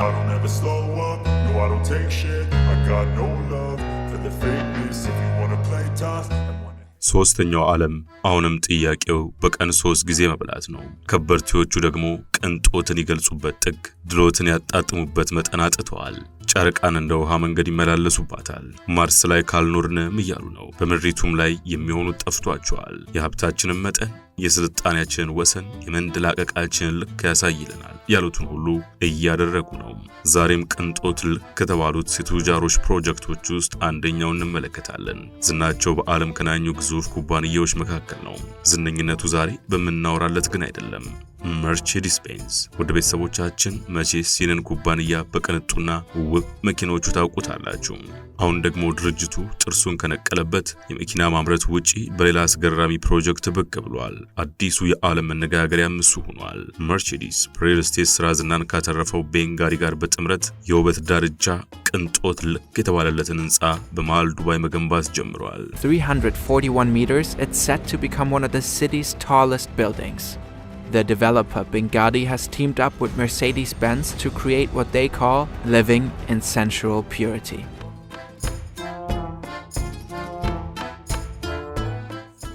I don't ever slow up, no I don't take shit I got no love for the fakeness If you wanna play tough ሶስተኛው ዓለም አሁንም ጥያቄው በቀን ሶስት ጊዜ መብላት ነው። ከበርቴዎቹ ደግሞ ቅንጦትን ይገልጹበት ጥግ ድሎትን ያጣጥሙበት መጠን አጥተዋል። ጨረቃን እንደ ውሃ መንገድ ይመላለሱባታል። ማርስ ላይ ካልኖርንም እያሉ ነው። በምድሪቱም ላይ የሚሆኑት ጠፍቷቸዋል። የሀብታችንን መጠን፣ የስልጣኔያችንን ወሰን፣ የመንደላቀቃችንን ልክ ያሳይልናል። ያሉትን ሁሉ እያደረጉ ነው። ዛሬም ቅንጦት ከተባሉት የቱጃሮች ፕሮጀክቶች ውስጥ አንደኛው እንመለከታለን። ዝናቸው በዓለም ከናኙ ግዙፍ ኩባንያዎች መካከል ነው። ዝነኝነቱ ዛሬ በምናወራለት ግን አይደለም። መርቼዲስ ቤንዝ። ወደ ቤተሰቦቻችን መቼ ሲንን ኩባንያ በቅንጡና ውብ መኪናዎቹ ታውቁታላችሁ። አሁን ደግሞ ድርጅቱ ጥርሱን ከነቀለበት የመኪና ማምረት ውጪ በሌላ አስገራሚ ፕሮጀክት ብቅ ብሏል። አዲሱ የዓለም መነጋገሪያ እሱ ሆኗል። መርቼዲስ በሪል ስቴት ስራ ዝናን ካተረፈው ቤንጋሪ ጋር በጥምረት የውበት ዳርቻ ቅንጦት ልክ የተባለለትን ህንፃ በመሃል ዱባይ መገንባት ጀምረዋል። 341 meters, it's set to become one of the city's Their developer Bengadi has teamed up with Mercedes Benz to create what they call living in sensual purity.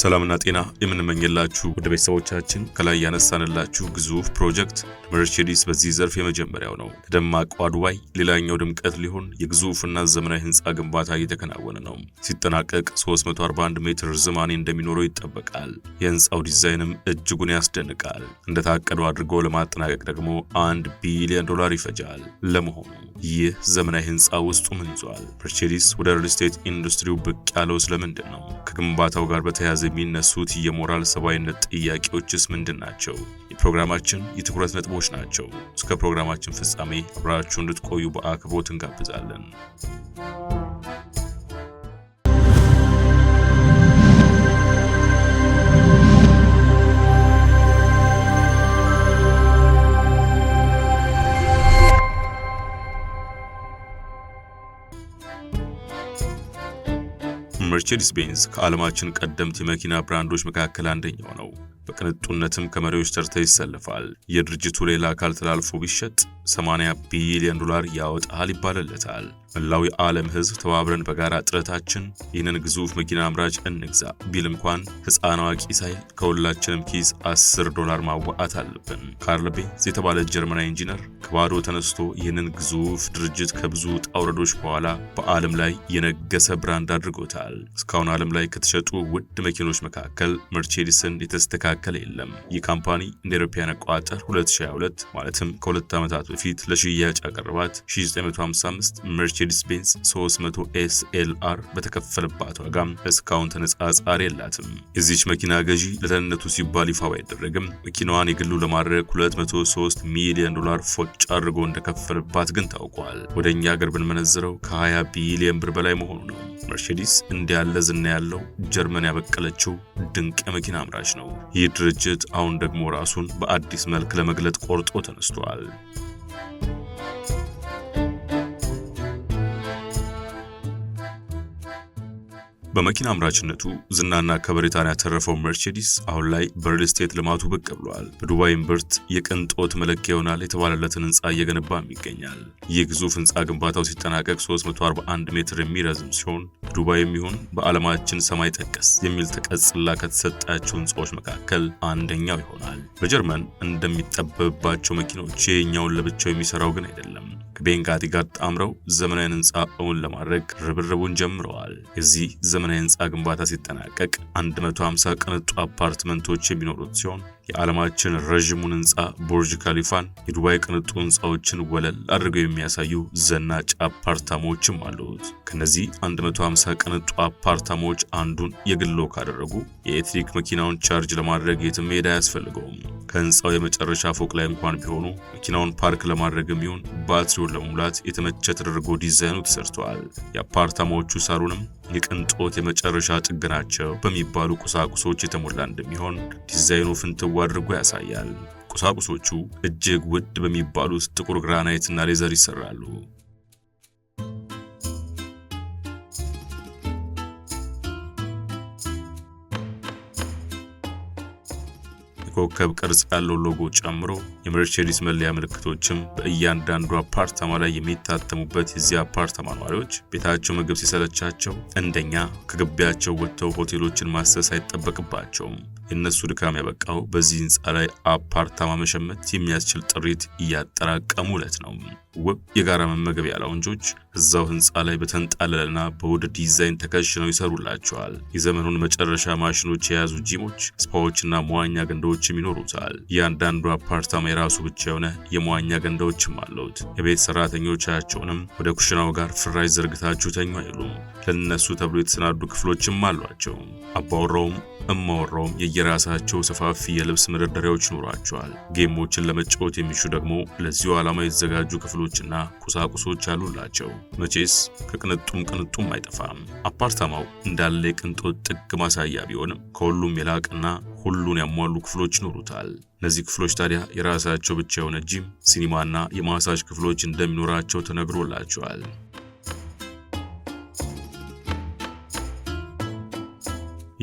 ሰላምና ጤና የምንመኝላችሁ ወደ ቤተሰቦቻችን ከላይ ያነሳንላችሁ ግዙፍ ፕሮጀክት መርሴዲስ በዚህ ዘርፍ የመጀመሪያው ነው። ከደማቁ አዱባይ ሌላኛው ድምቀት ሊሆን የግዙፍና ዘመናዊ ህንፃ ግንባታ እየተከናወነ ነው። ሲጠናቀቅ 341 ሜትር ዝማኔ እንደሚኖረው ይጠበቃል። የህንፃው ዲዛይንም እጅጉን ያስደንቃል። እንደታቀደው አድርጎ ለማጠናቀቅ ደግሞ አንድ ቢሊዮን ዶላር ይፈጃል። ለመሆኑ ይህ ዘመናዊ ህንፃ ውስጡ ምን ይዟል? መርሴዲስ ወደ ሪል ስቴት ኢንዱስትሪው ብቅ ያለው ስለምንድን ነው? ከግንባታው ጋር በተያያዘ የሚነሱት የሞራል ሰብአዊነት ጥያቄዎችስ ምንድን ናቸው? የፕሮግራማችን የትኩረት ነጥቦች ናቸው። እስከ ፕሮግራማችን ፍጻሜ አብራችሁ እንድትቆዩ በአክብሮት እንጋብዛለን። ሜርቼዲስ ቤንዝ ከዓለማችን ቀደምት የመኪና ብራንዶች መካከል አንደኛው ነው። በቅንጡነትም ከመሪዎች ተርታ ይሰልፋል። የድርጅቱ ሌላ አካል ተላልፎ ቢሸጥ 80 ቢሊዮን ዶላር ያወጣል ይባልለታል። መላው የዓለም ህዝብ ተባብረን በጋራ ጥረታችን ይህንን ግዙፍ መኪና አምራች እንግዛ ቢል እንኳን ህፃን አዋቂ ሳይል ከሁላችንም ኪስ 10 ዶላር ማዋአት አለብን። ካርል ቤንዝ የተባለ ጀርመናዊ ኢንጂነር ከባዶ ተነስቶ ይህንን ግዙፍ ድርጅት ከብዙ ጣውረዶች በኋላ በዓለም ላይ የነገሰ ብራንድ አድርጎታል። እስካሁን ዓለም ላይ ከተሸጡ ውድ መኪኖች መካከል መርቼዲስን የተስተካከለ የለም። ይህ ካምፓኒ እንደ አውሮፓውያን አቆጣጠር 2022 ማለትም ከሁለት ዓመታት በፊት ለሽያጭ ያቀረባት 1955 መርቼ መርቼዲስ ቤንስ 300 ኤስኤልአር በተከፈለባት ዋጋ እስካሁን ተነጻጻሪ የላትም። የዚች መኪና ገዢ ለደህንነቱ ሲባል ይፋ ባይደረግም መኪናዋን የግሉ ለማድረግ 203 ሚሊዮን ዶላር ፎጭ አድርጎ እንደከፈለባት ግን ታውቋል። ወደ እኛ ሀገር ብንመነዝረው ከ20 ቢሊዮን ብር በላይ መሆኑ ነው። መርሴዲስ እንዲያለ ዝና ያለው ጀርመን ያበቀለችው ድንቅ የመኪና አምራች ነው። ይህ ድርጅት አሁን ደግሞ ራሱን በአዲስ መልክ ለመግለጥ ቆርጦ ተነስቷል። በመኪና አምራችነቱ ዝናና ከበሬታን ያተረፈው መርሴዲስ አሁን ላይ በሪል ስቴት ልማቱ ብቅ ብሏል። በዱባይ እምብርት የቅንጦት መለኪያ ይሆናል የተባለለትን ህንፃ እየገነባም ይገኛል። ይህ ግዙፍ ህንፃ ግንባታው ሲጠናቀቅ 341 ሜትር የሚረዝም ሲሆን በዱባይ የሚሆን በዓለማችን ሰማይ ጠቀስ የሚል ተቀጽላ ከተሰጣቸው ህንፃዎች መካከል አንደኛው ይሆናል። በጀርመን እንደሚጠበብባቸው መኪኖች ይህኛውን ለብቻው የሚሰራው ግን አይደለም። ከቤንጋቲ ጋር ጣምረው ዘመናዊ ህንፃ እውን ለማድረግ ርብርቡን ጀምረዋል። የዚህ ዘመናዊ ህንፃ ግንባታ ሲጠናቀቅ 150 ቅንጡ አፓርትመንቶች የሚኖሩት ሲሆን የዓለማችን ረዥሙን ህንፃ ቦርጅ ካሊፋን፣ የዱባይ ቅንጡ ህንፃዎችን ወለል አድርገው የሚያሳዩ ዘናጭ አፓርታማዎችም አሉት። ከነዚህ 150 ቅንጡ አፓርታማዎች አንዱን የግሎ ካደረጉ የኤሌክትሪክ መኪናውን ቻርጅ ለማድረግ የትም መሄድ አያስፈልገውም። ከህንፃው የመጨረሻ ፎቅ ላይ እንኳን ቢሆኑ መኪናውን ፓርክ ለማድረግ የሚሆን ባትሪውን ለመሙላት የተመቸ ተደርጎ ዲዛይኑ ተሰርተዋል። የአፓርታማዎቹ ሳሎንም የቅንጦት የመጨረሻ ጥግ ናቸው በሚባሉ ቁሳቁሶች የተሞላ እንደሚሆን ዲዛይኑ ፍንትው አድርጎ ያሳያል። ቁሳቁሶቹ እጅግ ውድ በሚባሉት ጥቁር ግራናይትና ሌዘር ይሰራሉ። ኮከብ ቅርጽ ያለው ሎጎ ጨምሮ የመርሴዲስ መለያ ምልክቶችም በእያንዳንዱ አፓርታማ ላይ የሚታተሙበት የዚህ አፓርታማ ነዋሪዎች ቤታቸው ምግብ ሲሰለቻቸው እንደኛ ከግቢያቸው ወጥተው ሆቴሎችን ማሰስ አይጠበቅባቸውም። የእነሱ ድካም ያበቃው በዚህ ህንፃ ላይ አፓርታማ መሸመት የሚያስችል ጥሪት እያጠራቀሙ ዕለት ነው። ውብ የጋራ መመገቢያ ላውንጆች እዛው ህንፃ ላይ በተንጣለለና በውድ ዲዛይን ተከሽነው ይሰሩላቸዋል። የዘመኑን መጨረሻ ማሽኖች የያዙ ጂሞች፣ ስፓዎችና መዋኛ ገንዳዎችም ይኖሩታል። እያንዳንዱ አፓርታማ የራሱ ብቻ የሆነ የመዋኛ ገንዳዎችም አሉት። የቤት ሰራተኞቻቸውንም ወደ ኩሽናው ጋር ፍራሽ ዘርግታችሁ ተኙ አይሉም። ለነሱ ተብሎ የተሰናዱ ክፍሎችም አሏቸው። አባወራውም እማወራውም የየራሳቸው ሰፋፊ የልብስ መደርደሪያዎች ይኖሯቸዋል። ጌሞችን ለመጫወት የሚሹ ደግሞ ለዚሁ ዓላማ የተዘጋጁ ክፍሎችና ቁሳቁሶች አሉላቸው። መቼስ ከቅንጡም ቅንጡም አይጠፋም። አፓርታማው እንዳለ የቅንጦት ጥግ ማሳያ ቢሆንም ከሁሉም የላቅና ሁሉን ያሟሉ ክፍሎች ይኖሩታል። እነዚህ ክፍሎች ታዲያ የራሳቸው ብቻ የሆነ ጂም፣ ሲኒማና የማሳጅ ክፍሎች እንደሚኖራቸው ተነግሮላቸዋል።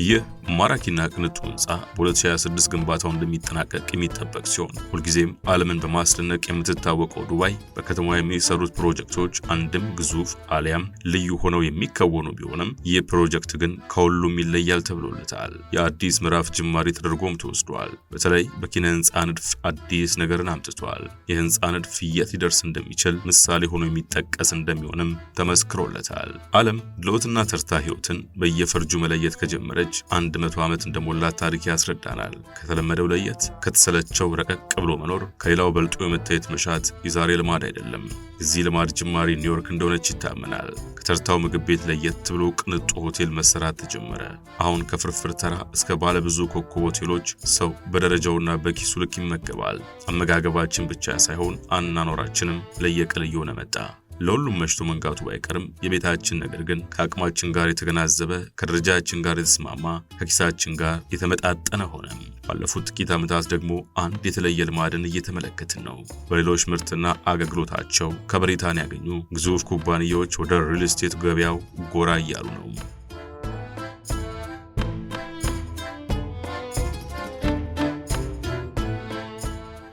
ይህ ማራኪና ቅንጡ ህንፃ በ2026 ግንባታው እንደሚጠናቀቅ የሚጠበቅ ሲሆን ሁልጊዜም ዓለምን በማስደነቅ የምትታወቀው ዱባይ በከተማዋ የሚሰሩት ፕሮጀክቶች አንድም ግዙፍ አሊያም ልዩ ሆነው የሚከወኑ ቢሆንም ይህ ፕሮጀክት ግን ከሁሉም ይለያል ተብሎለታል። የአዲስ ምዕራፍ ጅማሬ ተደርጎም ተወስዷል። በተለይ በኪነ ህንፃ ንድፍ አዲስ ነገርን አምጥቷል። የህንፃ ንድፍ የት ሊደርስ እንደሚችል ምሳሌ ሆኖ የሚጠቀስ እንደሚሆንም ተመስክሮለታል። ዓለም ለውጥና ተርታ ህይወትን በየፈርጁ መለየት ከጀመረች አንድ 100 ዓመት እንደሞላት ታሪክ ያስረዳናል። ከተለመደው ለየት ከተሰለቸው ረቀቅ ብሎ መኖር፣ ከሌላው በልጦ የመታየት መሻት የዛሬ ልማድ አይደለም። የዚህ ልማድ ጅማሬ ኒውዮርክ እንደሆነች ይታመናል። ከተርታው ምግብ ቤት ለየት ብሎ ቅንጡ ሆቴል መሰራት ተጀመረ። አሁን ከፍርፍር ተራ እስከ ባለ ብዙ ኮከብ ሆቴሎች ሰው በደረጃውና በኪሱ ልክ ይመገባል። አመጋገባችን ብቻ ሳይሆን አናኖራችንም ለየቅል እየሆነ መጣ። ለሁሉም መሽቶ መንጋቱ ባይቀርም የቤታችን ነገር ግን ከአቅማችን ጋር የተገናዘበ ከደረጃችን ጋር የተስማማ ከኪሳችን ጋር የተመጣጠነ ሆነ። ባለፉት ጥቂት ዓመታት ደግሞ አንድ የተለየ ልማድን እየተመለከትን ነው። በሌሎች ምርትና አገልግሎታቸው ከበሬታን ያገኙ ግዙፍ ኩባንያዎች ወደ ሪል ስቴት ገበያው ጎራ እያሉ ነው።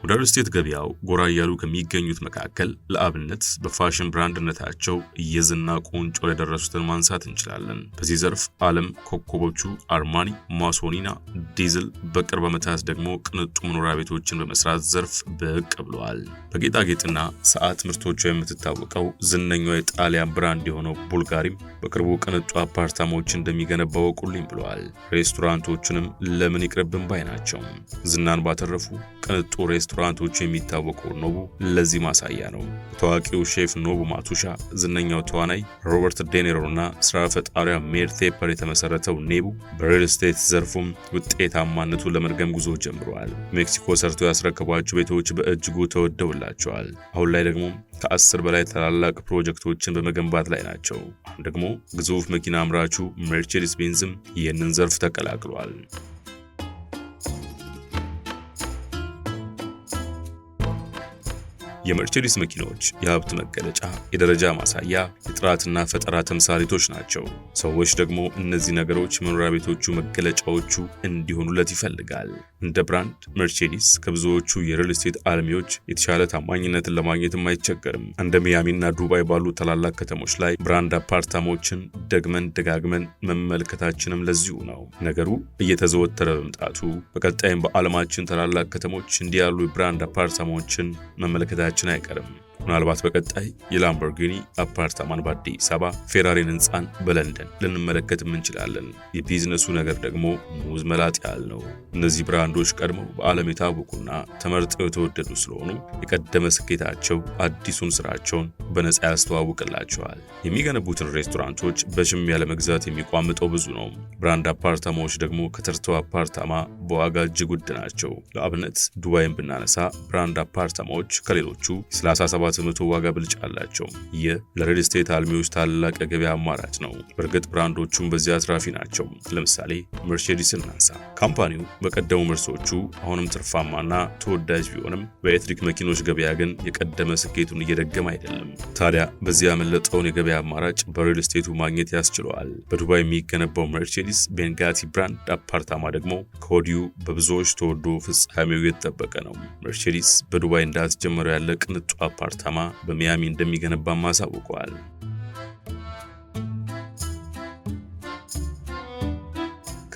ወደ ሪል ስቴት ገበያው ጎራ እያሉ ከሚገኙት መካከል ለአብነት በፋሽን ብራንድነታቸው እየዝና ቁንጮ ለደረሱትን ማንሳት እንችላለን። በዚህ ዘርፍ ዓለም ኮከቦቹ አርማኒ፣ ማሶኒና ዲዝል በቅርብ ዓመታት ደግሞ ቅንጡ መኖሪያ ቤቶችን በመስራት ዘርፍ ብቅ ብለዋል። በጌጣጌጥና ሰዓት ምርቶቿ የምትታወቀው ዝነኛው የጣሊያን ብራንድ የሆነው ቡልጋሪም በቅርቡ ቅንጡ አፓርታማዎች እንደሚገነባ ወቁልኝ ብለዋል። ሬስቶራንቶቹንም ለምን ይቅርብን ባይ ናቸው። ዝናን ባተረፉ ቅንጡ ሬስቶ ሬስቶራንቶቹ የሚታወቀው ኖቡ ለዚህ ማሳያ ነው። ታዋቂው ሼፍ ኖቡ ማቱሻ፣ ዝነኛው ተዋናይ ሮበርት ዴኔሮ እና ስራ ፈጣሪዋ ሜር ቴፐር የተመሰረተው ኔቡ በሪል ስቴት ዘርፉም ውጤታማነቱ ለመድገም ጉዞ ጀምረዋል። ሜክሲኮ ሰርቶ ያስረከቧቸው ቤቶች በእጅጉ ተወደውላቸዋል። አሁን ላይ ደግሞ ከአስር በላይ ታላላቅ ፕሮጀክቶችን በመገንባት ላይ ናቸው። አሁን ደግሞ ግዙፍ መኪና አምራቹ ሜርቼዲስ ቤንዝም ይህንን ዘርፍ ተቀላቅሏል። የመርቼዲስ መኪኖች የሀብት መገለጫ፣ የደረጃ ማሳያ፣ የጥራትና ፈጠራ ተምሳሌቶች ናቸው። ሰዎች ደግሞ እነዚህ ነገሮች መኖሪያ ቤቶቹ መገለጫዎቹ እንዲሆኑለት ይፈልጋል። እንደ ብራንድ መርሴዲስ ከብዙዎቹ የሪል ስቴት አልሚዎች የተሻለ ታማኝነትን ለማግኘትም አይቸገርም። እንደ ሚያሚና ዱባይ ባሉ ታላላቅ ከተሞች ላይ ብራንድ አፓርታማዎችን ደግመን ደጋግመን መመልከታችንም ለዚሁ ነው። ነገሩ እየተዘወተረ በመምጣቱ በቀጣይም በዓለማችን ታላላቅ ከተሞች እንዲህ ያሉ የብራንድ አፓርታማዎችን መመልከታችን አይቀርም። ምናልባት በቀጣይ የላምቦርጊኒ አፓርታማን በአዲስ አበባ ፌራሪን ህንፃን በለንደን ልንመለከትም እንችላለን። የቢዝነሱ ነገር ደግሞ ሙዝ መላጥ ያህል ነው። እነዚህ ብራንዶች ቀድመው በዓለም የታወቁና ተመርጠው የተወደዱ ስለሆኑ የቀደመ ስኬታቸው አዲሱን ስራቸውን በነፃ ያስተዋውቅላቸዋል። የሚገነቡትን ሬስቶራንቶች በሽም ያለመግዛት የሚቋምጠው ብዙ ነው። ብራንድ አፓርታማዎች ደግሞ ከተርተው አፓርታማ በዋጋ እጅግ ውድ ናቸው። ለአብነት ዱባይን ብናነሳ ብራንድ አፓርታማዎች ከሌሎቹ 37 በ በመቶ ዋጋ ብልጫ አላቸው። ይህ ለሬል ስቴት አልሚዎች ታላቅ የገበያ አማራጭ ነው። በእርግጥ ብራንዶቹም በዚያ አትራፊ ናቸው። ለምሳሌ መርሴዲስ እናንሳ። ካምፓኒው በቀደሙ ምርቶቹ አሁንም ትርፋማና ተወዳጅ ቢሆንም በኤሌክትሪክ መኪኖች ገበያ ግን የቀደመ ስኬቱን እየደገመ አይደለም። ታዲያ በዚህ ያመለጠውን የገበያ አማራጭ በሪል ስቴቱ ማግኘት ያስችለዋል። በዱባይ የሚገነባው መርሴዲስ ቤንጋቲ ብራንድ አፓርታማ ደግሞ ከወዲሁ በብዙዎች ተወዶ ፍጻሜው የተጠበቀ ነው። መርሴዲስ በዱባይ እንዳስጀመረው ያለ ቅንጡ አፓርታ አፓርታማ በሚያሚ እንደሚገነባም አሳውቀዋል።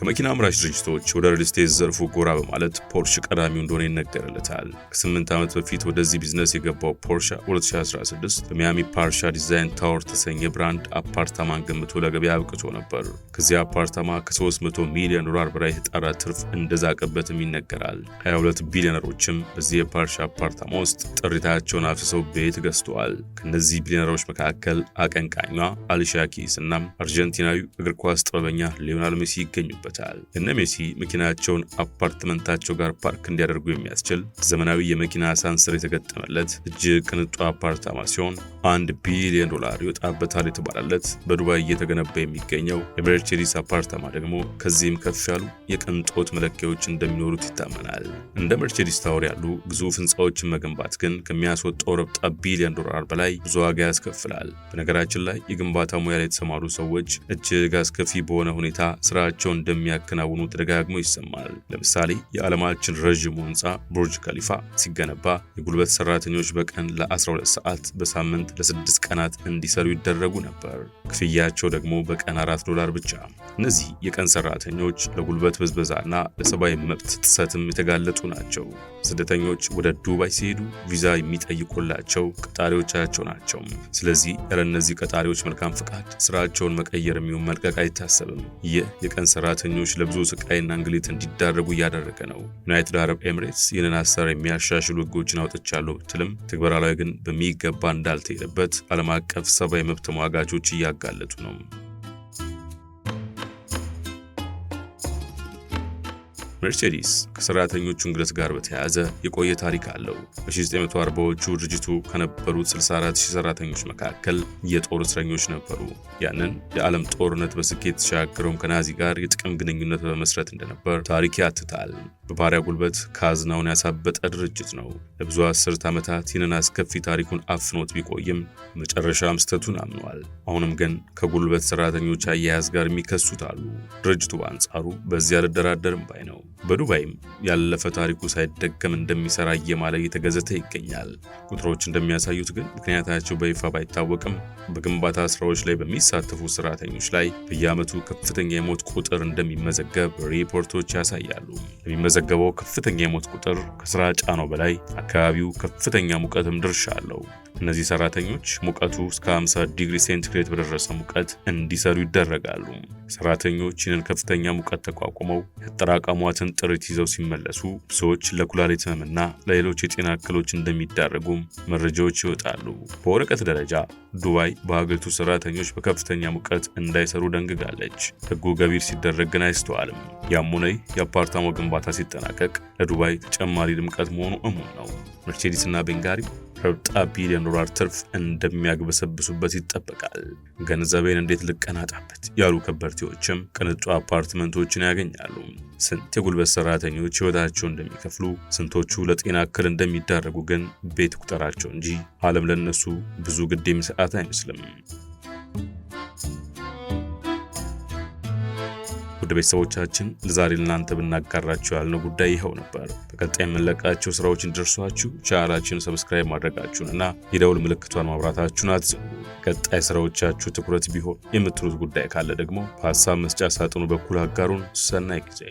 ከመኪና አምራች ድርጅቶች ወደ ሪል ስቴት ዘርፉ ጎራ በማለት ፖርሽ ቀዳሚው እንደሆነ ይነገርለታል። ከስምንት ዓመት በፊት ወደዚህ ቢዝነስ የገባው ፖርሻ 2016 በሚያሚ ፓርሻ ዲዛይን ታወር ተሰኘ ብራንድ አፓርታማን ገምቶ ለገበያ አብቅቶ ነበር። ከዚያ አፓርታማ ከ300 ሚሊዮን ዶላር በላይ የጣራ ትርፍ እንደዛቀበትም ይነገራል። 22 ቢሊዮነሮችም በዚህ የፓርሻ አፓርታማ ውስጥ ጥሪታቸውን አፍስሰው ቤት ገዝተዋል። ከእነዚህ ቢሊዮነሮች መካከል አቀንቃኟ አሊሻ ኪስ እና አርጀንቲናዊ እግር ኳስ ጥበበኛ ሊዮናል ሜሲ ይገኙበት ይገኙበታል። እነ ሜሲ መኪናቸውን አፓርትመንታቸው ጋር ፓርክ እንዲያደርጉ የሚያስችል ዘመናዊ የመኪና አሳንስር የተገጠመለት እጅግ ቅንጡ አፓርታማ ሲሆን አንድ ቢሊዮን ዶላር ይወጣበታል የተባለለት በዱባይ እየተገነባ የሚገኘው የመርቼዲስ አፓርታማ ደግሞ ከዚህም ከፍ ያሉ የቅንጦት መለኪያዎች እንደሚኖሩት ይታመናል። እንደ መርቼዲስ ታወር ያሉ ግዙፍ ህንፃዎችን መገንባት ግን ከሚያስወጣው ረብጣ ቢሊዮን ዶላር በላይ ብዙ ዋጋ ያስከፍላል። በነገራችን ላይ የግንባታ ሙያ ላይ የተሰማሩ ሰዎች እጅግ አስከፊ በሆነ ሁኔታ ስራቸውን እንደሚያከናውኑ ተደጋግሞ ይሰማል። ለምሳሌ የዓለማችን ረዥሙ ህንፃ ቡርጅ ከሊፋ ሲገነባ የጉልበት ሰራተኞች በቀን ለ12 ሰዓት በሳምንት ለስድስት ቀናት እንዲሰሩ ይደረጉ ነበር። ክፍያቸው ደግሞ በቀን አራት ዶላር ብቻ። እነዚህ የቀን ሰራተኞች ለጉልበት ብዝበዛና ለሰብአዊ መብት ጥሰትም የተጋለጡ ናቸው። ስደተኞች ወደ ዱባይ ሲሄዱ ቪዛ የሚጠይቁላቸው ቀጣሪዎቻቸው ናቸው። ስለዚህ ያለ እነዚህ ቀጣሪዎች መልካም ፍቃድ ስራቸውን መቀየር የሚሆን መልቀቅ አይታሰብም። ይህ የቀን ሰራተኞች ለብዙ ስቃይና እንግሊት እንዲዳረጉ እያደረገ ነው። ዩናይትድ አረብ ኤምሬትስ ይህንን አሰራር የሚያሻሽሉ ህጎችን አውጥቻለሁ ብትልም ተግባራዊ ግን በሚገባ እንዳልተሄደበት ዓለም አቀፍ ሰብአዊ መብት ተሟጋቾች እያጋለጡ ነው። መርሴዲስ ከሰራተኞቹ እንግልት ጋር በተያያዘ የቆየ ታሪክ አለው። በ1940ዎቹ ድርጅቱ ከነበሩት ሺህ ሰራተኞች መካከል የጦር እስረኞች ነበሩ። ያንን የዓለም ጦርነት በስኬት ተሻገረውም ከናዚ ጋር የጥቅም ግንኙነት በመስረት እንደነበር ታሪክ ያትታል። በባሪያ ጉልበት ካዝናውን ያሳበጠ ድርጅት ነው። ለብዙ አስርት ዓመታት ይህንን አስከፊ ታሪኩን አፍኖት ቢቆይም መጨረሻም ስህተቱን አምኗል። አሁንም ግን ከጉልበት ሰራተኞች አያያዝ ጋር የሚከሱት አሉ። ድርጅቱ በአንጻሩ በዚያ አልደራደርም ባይ ነው። በዱባይም ያለፈ ታሪኩ ሳይደገም እንደሚሰራ እየማለ እየተገዘተ ይገኛል። ቁጥሮች እንደሚያሳዩት ግን ምክንያታቸው በይፋ ባይታወቅም በግንባታ ስራዎች ላይ በሚሳተፉ ሰራተኞች ላይ በየዓመቱ ከፍተኛ የሞት ቁጥር እንደሚመዘገብ ሪፖርቶች ያሳያሉ። የሚመዘገበው ከፍተኛ የሞት ቁጥር ከስራ ጫናው በላይ አካባቢው ከፍተኛ ሙቀትም ድርሻ አለው። እነዚህ ሰራተኞች ሙቀቱ እስከ 50 ዲግሪ ሴንቲግሬድ በደረሰ ሙቀት እንዲሰሩ ይደረጋሉ። ሰራተኞች ይህንን ከፍተኛ ሙቀት ተቋቁመው ያጠራቀሟትን ጥሪት ይዘው ሲመለሱ ሰዎች ለኩላሊት ህመምና ለሌሎች የጤና እክሎች እንደሚዳረጉም መረጃዎች ይወጣሉ። በወረቀት ደረጃ ዱባይ በሀገሪቱ ሰራተኞች በከፍተኛ ሙቀት እንዳይሰሩ ደንግጋለች። ህጉ ገቢር ሲደረግ ግን አይስተዋልም። ያሙነይ የአፓርታማው ግንባታ ሲጠናቀቅ ለዱባይ ተጨማሪ ድምቀት መሆኑ እሙን ነው። መርሴዲስና ቤንጋሪ ረብጣ ቢሊዮን ዶላር ትርፍ እንደሚያግበሰብሱበት ይጠበቃል። ገንዘቤን እንዴት ልቀናጣበት ያሉ ከበርቴዎችም ቅንጡ አፓርትመንቶችን ያገኛሉ። ስንት የጉልበት ሰራተኞች ህይወታቸው እንደሚከፍሉ፣ ስንቶቹ ለጤና እክል እንደሚዳረጉ ግን ቤት ቁጠራቸው እንጂ ዓለም ለነሱ ብዙ ግድ የሚሰጣት አይመስልም። ወደ ቤተሰቦቻችን ለዛሬ ለእናንተ ብናጋራችሁ ያልነው ጉዳይ ይኸው ነበር። በቀጣይ የምንለቃቸው ስራዎች እንዲደርሷችሁ ቻናላችን ሰብስክራይብ ማድረጋችሁን እና የደውል ምልክቷን ማብራታችሁን አትዘንጉ። ቀጣይ ስራዎቻችሁ ትኩረት ቢሆን የምትሉት ጉዳይ ካለ ደግሞ በሀሳብ መስጫ ሳጥኑ በኩል አጋሩን። ሰናይ ጊዜ